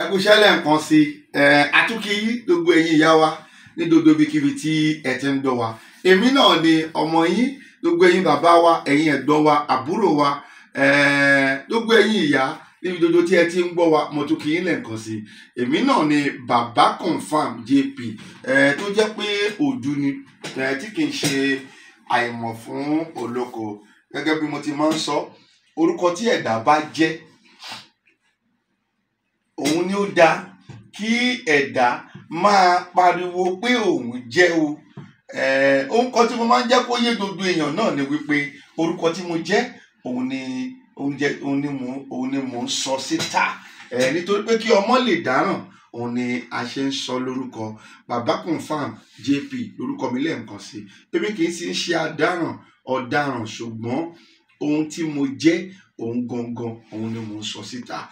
ẹ kú iṣẹ́ lẹ́ẹ̀kan sí àtúkì gbogbo ẹ̀yin ìyá wa ní gbogbo ibikíbi tí ẹ ti ń dọ̀ wá èmi náà ni ọmọ yín gbogbo ẹ̀yin bàbá wa ẹ̀yin ẹ̀gbọ́n wa àbúrò wa gbogbo ẹ̀yin ìyá níbi gbogbo tí ẹ ti ń gbọ́ wa mo tún kì í lẹ́ẹ̀kan sí èmi náà ni bàbá confam jp tó jẹ́ pé òdu ni tí kì í ṣe àìmọ̀ fún olóko gẹ́gẹ́ bí mo ti máa ń sọ orúkọ tí ẹ̀dá bá jẹ́ òun ni ó dáa kí ẹ̀dá máa pariwo pé òun jẹ́ o orúkọ tí mo máa ń jẹ́ kó yé gbogbo èèyàn náà ni wípé orúkọ tí mo jẹ́ òun ni òun jẹ́ òun ni mò òun ni mò ń sọ síta nítorí pé kí ọmọ lè dáràn òun ni a ṣe ń sọ lórúkọ bàbá confam jp lórúkọ mi lẹ́ẹ̀kan sí pé mi kì í sì ń ṣe adáràn ọ̀daràn ṣùgbọ́n ohun tí mo jẹ́ òun gangan òun ni mò ń sọ síta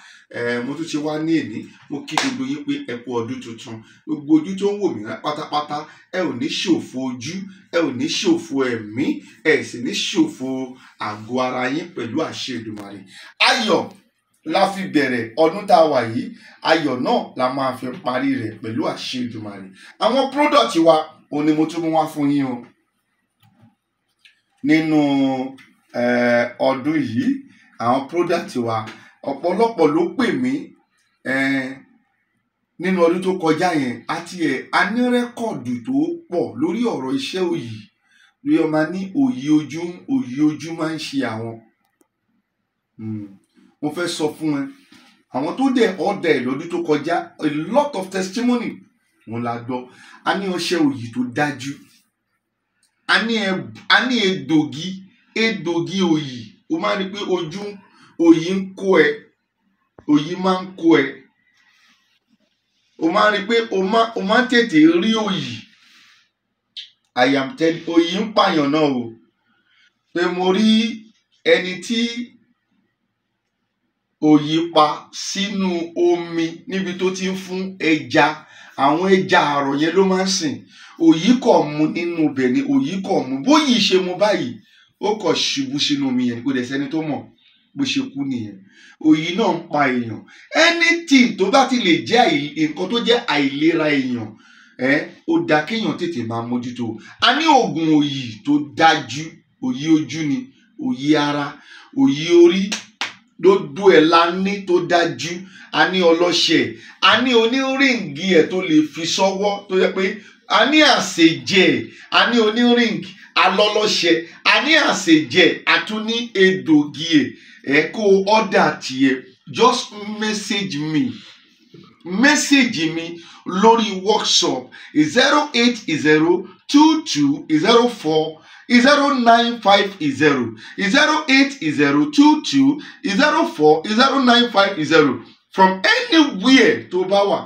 mo tún ti wá ní èní mo kí gbogbo yín pé ẹ kú ọdún tuntun gbogbo ojú tó ń wò mí pátápátá ẹ ò ní ṣòfò ojú ẹ ò ní ṣòfò ẹ̀mí ẹ sì ní ṣòfò àgọ́ ara yín pẹ̀lú àṣẹ Èdùmàrè ayọ̀ la fi bẹ̀rẹ̀ ọdún tá a wà yìí ayọ̀ náà la máa fi parí rẹ̀ pẹ̀lú àṣẹ Èdùmàrè àwọn product wa òun ni mo tún mú wá fún yín o nínú ọdún yìí àwọn product wa ọ̀pọ̀lọpọ̀ ló pè mí nínú ọdún tó kọjá yẹn àti ẹ̀ a ní rẹ́kọ̀dù tó pọ̀ lórí ọ̀rọ̀ iṣẹ́ òyì lórí ọmọ ní òyì ojú òyì ojú máa ń ṣe àwọn hmm. mo fẹ́ sọ fún ẹ àwọn tó dẹ̀ ọ̀dà ẹ̀ lọ́dún tó kọjá a lot of testimony wọn la gbọ́ a ní ọṣẹ òyì tó dájú a ní egbògi Edogi òyì o máa rí i pé ojú òyì ń kó ẹ òyì máa ń kó ẹ o máa rí i pé o máa o máa tètè rí òyì I am telling òyì ń pààyàn náà o pé mo rí ẹni tí òyì pa sínú omi níbi tó ti ń fún ẹja àwọn ẹja àrọ̀ yẹn ló máa ń sìn òyì kọ̀ mu nínú ibẹ̀ ni òyì kọ̀ mu bóyì ṣe mu báyìí ó kọ̀ ṣubú sínú omi yẹn kò dẹ̀ sẹ́ni tó mọ̀ bó ṣe kú nìyẹn òyì náà ń pa èèyàn anything tó bá ti lè jẹ́ nǹkan tó jẹ́ àìlera èèyàn ẹ ó da kéèyàn tètè máa mójútó a ní oògùn òyì tó dájú òyì ojú ni òyì ara òyì orí lódú ẹ̀ la ní tó dájú a ní ọlọ́ṣẹ a ní oníríǹgì ẹ̀ tó lè fi sọ́wọ́ tó yẹ pé a ní àṣejẹ a ní oníríǹgì alọ́lọ́ṣẹ a ní àṣejẹ a tún ní edogie ẹ kó ọ̀dà tiẹ̀ just message me message mi lórí workshop zero eight zero two two zero four zero nine five zero zero eight zero two two zero four zero nine five zero from anywhere to bá wà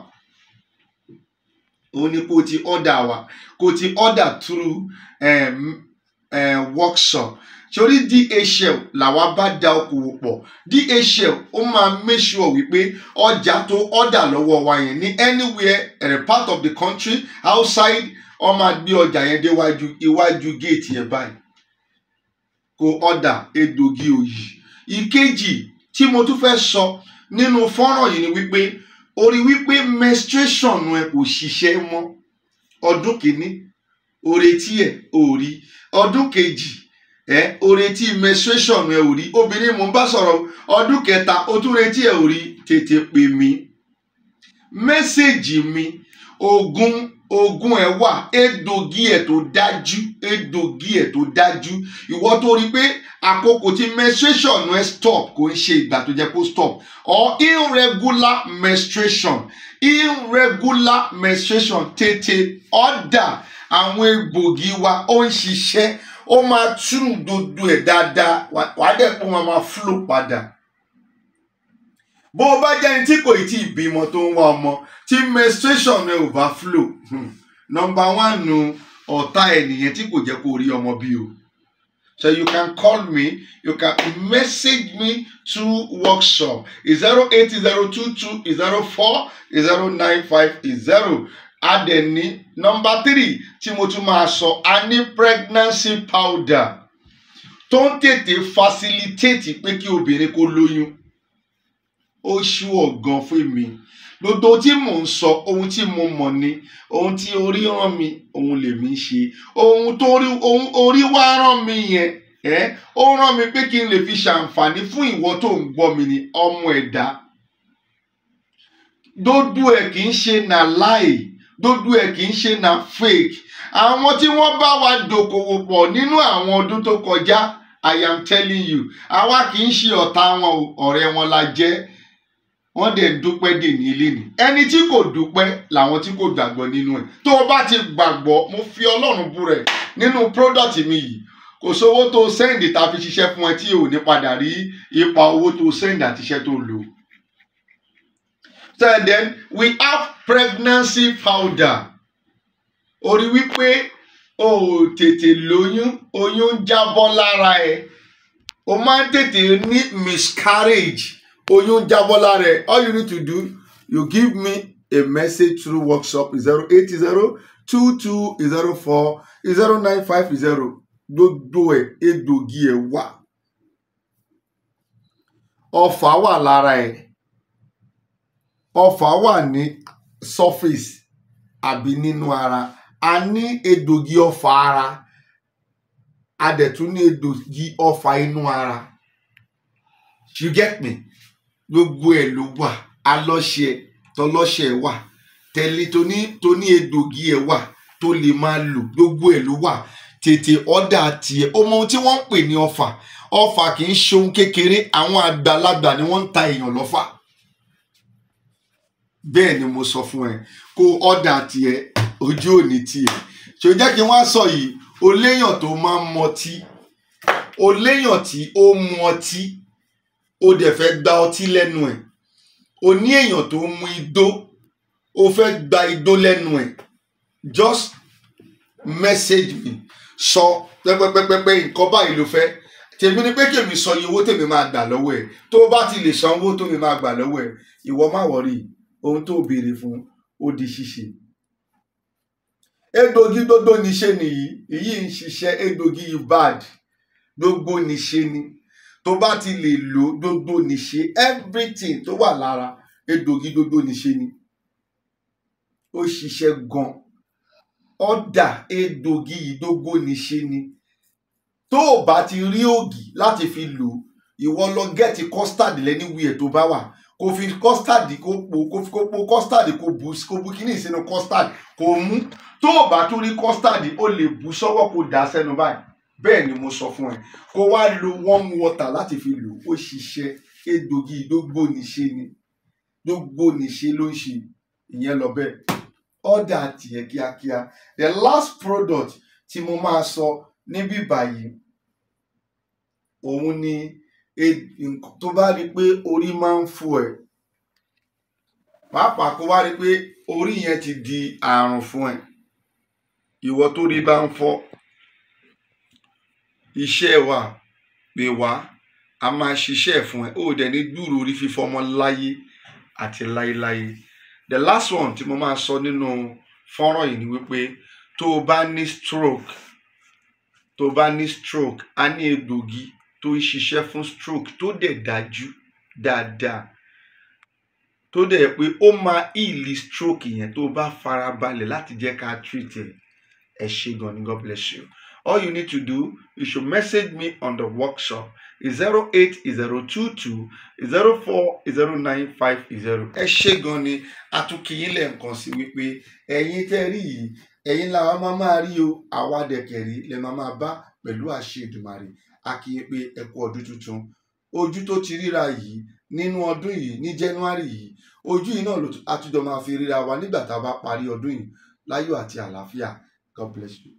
òun ni kò ti order wa kò ti order through um, Eh, workshop sórí DHL làwa bá da okòwò pọ̀ DHL ó máa make sure wípé ọjà tó order lọ́wọ́ wa yẹn ní anywhere any eh, part of the country outside ó máa gbé ọjà yẹn déwájú iwájú géètì yẹn báyìí kó order egbògi òyì ìkejì tí mo tún fẹ́ sọ nínú fọ́nrán yìí ni wípé orí wípé menstruation ẹ kò ṣiṣẹ́ mọ́ ọdún kìíní oretí ẹ̀ ò rí ọdún kejì ẹ̀ oretí menstruation ẹ̀ ò rí obìnrin mò ń bá sọ̀rọ̀ ọdún kẹta o tún retí ẹ̀ ò rí tètè pè mí mẹ́sẹ̀gì mi ogun ogun ẹ̀ wà edogi ẹ̀ tó dájú edogi ẹ̀ tó dájú ìwọ tó rí pé àkókò tí menstruation ẹ stop kò ń ṣe ìgbà tó jẹ́ kó stop or irregular menstruation irregular menstruation tètè order àwọn egbògi wa ó ń ṣiṣẹ́ ó máa túrù dodo ẹ̀ dáadáa wàá dẹ̀ kó máa máa flow padà bó o bá jẹ́ ẹni tí kò tí ì bímọ tó ń wá ọmọ tí menstruation rẹ ò bá flow hmm, nọ́mbà one nu ọ̀tá ènìyàn tí kò jẹ́ kó rí ọmọ bí o so you can call me you can message me to workshop zero eight zero two two zero four zero nine five zero a dẹ̀ ní nọ́mbà tírì tí mo tún máa sọ a ní pregnancy powder tó ń tètè facilitate pé kí obìnrin kó lóyún ó ṣú ọ̀gan fún mi gbogbo tí mò ń sọ ohun tí mo mọ̀ ni ohun tí orí rán mi ohun lèmi ń ṣe ohun tó orí wá rán mi yẹn ó rán mi pé kí n lè fi ṣàǹfààní fún ìwọ tó ń gbọ́ mi ni ọmọ ẹ̀dá dódú ẹ̀ kì í ṣe nà dúdú ẹ̀ kì í ṣe na fake àwọn tí wọ́n bá wa dòkòwò pọ̀ nínú àwọn ọdún tó kọjá i am telling you àwa kì í ṣe ọ̀tá wọn ọ̀rẹ́ wọn la jẹ́ wọ́n dẹ̀ dúpẹ́ dè ní ilé ni ẹni tí kò dúpẹ́ làwọn tí kò gbàgbọ́ nínú ẹ̀ tó o bá ti gbàgbọ́ mo fi ọlọ́run bú rẹ̀ nínú product mi yìí kò sówó tó sẹ́ǹdì tá a fi ṣiṣẹ́ fún ẹ tí ò ní padà rí ipa owó tó sẹ́ǹdì àti tó lò. so then we have pregnancy powder o rí wípé o ò tètè lóyún oyún ń jábọ́ lára ẹ o máa ń tètè ní miscarriage oyún ń jábọ́ lára ẹ all you need to do you give me a message through WhatsApp zero eight zero two two zero four zero nine five zero gbogbo ẹ egbògi ẹ wà ọfà wà lára ẹ ọfà wà ní surface àbí nínú ara a ní egbògi ọfà ara a dẹ̀ tún ní egbògi ọfà inú ara you get me gbogbo ẹ̀ ló wà alọ́ṣẹ tọlọ́ṣẹ wà tẹ̀lé tóní tóní egbògi ẹ̀ wà tó lè máa lò gbogbo ẹ̀ ló wà tètè ọ̀dà tiẹ̀ ó mọ ohun tí wọ́n ń pè ní ọfà ọfà kì í ṣe ohun kékeré àwọn àgbàlagbà ni wọ́n ń ta èèyàn lọ́fà bẹ́ẹ̀ ni mo sọ fún ẹ kó ọ̀dà tiẹ̀ ojú òní tiẹ̀ ṣò jẹ́ kí wọ́n sọ yìí o léèyàn tó máa ń mọtí o léèyàn tí ó mu ọtí o dẹ̀ fẹ́ gba ọtí lẹ́nu ẹ̀ o ní èèyàn tó mu idó o fẹ́ gba idó lẹ́nu ẹ̀ just message me sọ pẹ́pẹ́pẹ́pẹ́ nǹkan báyìí ló fẹ́ tèmi ni pé kèmi sọ iye owó tèmi máa gbà lọ́wọ́ ẹ̀ tó o bá ti lè san owó tó máa gbà lọ́wọ́ ẹ̀ ìwọ má wọrí yìí ohun tó béèrè fún ó di ṣíṣe egbògi gbogbo níṣe nìyí èyí ń ṣiṣẹ́ egbògi ibad gbogbo níṣe ni tó bá ti lè lò gbogbo níṣe everything tó wà lára egbògi gbogbo níṣe ni ó ṣiṣẹ́ gan ọ̀dà egbògi gbogbo níṣe ni tó o bá ti rí ògì láti fi lò ìwọ lọ gẹ́ẹ̀tì custard lẹ́ni wíyẹ̀ tó bá wà kó fi kọ́stáàdì kó po kó fi kó po kọ́stáàdì kó bu kó bu kíní sínú kọ́stáàdì kó mú tó o bá tún rí kọ́stáàdì ó lè bu sọ́wọ́ kó dà sẹ́nu báyìí bẹ́ẹ̀ ni mo sọ fún ẹ kó wá lo warm water láti fi lò ó ṣiṣẹ́ egbògi dógbò níṣe ni dógbò níṣe ló ń ṣe ìyẹn lọ bẹ́ẹ̀ ọ̀dà tiẹ̀ kíákíá the last product tí mo máa sọ níbí báyìí òun ni. Báyìí, E, tó bá rí i pé orí máa ń fò ẹ pàápàá kó wá rí i pé orí yẹn ti di àrùn fún ẹ ìwọ tó rí bá ń fọ́ iṣẹ́ wa pè wá a máa ṣiṣẹ́ fún ẹ ó dẹ̀ ní gbúrò orí fífọ́ mọ́ láyé àti láyéláyé the last one tí mo máa sọ nínú fọ́nrán yìí ni wípé tó o bá ní stroke tó o bá ní stroke a ní egbògi tó ń ṣiṣẹ́ fún stroke tó dẹ̀ dájú dáadáa tó dẹ̀ pé ó máa ìlì stroke yẹn tó bá farabalẹ̀ láti jẹ́ ká treat ẹ̀ ẹ̀ ṣe gan ni God bless you all you need to do you should message me on the workshop zero eight zero two two zero four zero nine five zero. ẹ ṣe gan ni atukìyín lẹ́ẹ̀kan sí wípé ẹ̀yin tẹ́ rí yìí ẹ̀yin làwọn máa máa rí o àwa dẹ̀kẹ̀rí lè máa máa bá pẹ̀lú àṣẹ Èdùmàrè a kì í pé ẹ kú ọdún tuntun ojú tó ti ríra yìí nínú ọdún yìí ní January yìí ojú yìí náà a tún jọ máa fi ríra wa nígbà tá a bá parí ọdún yìí láyọ̀ àti àlàáfíà God bless you.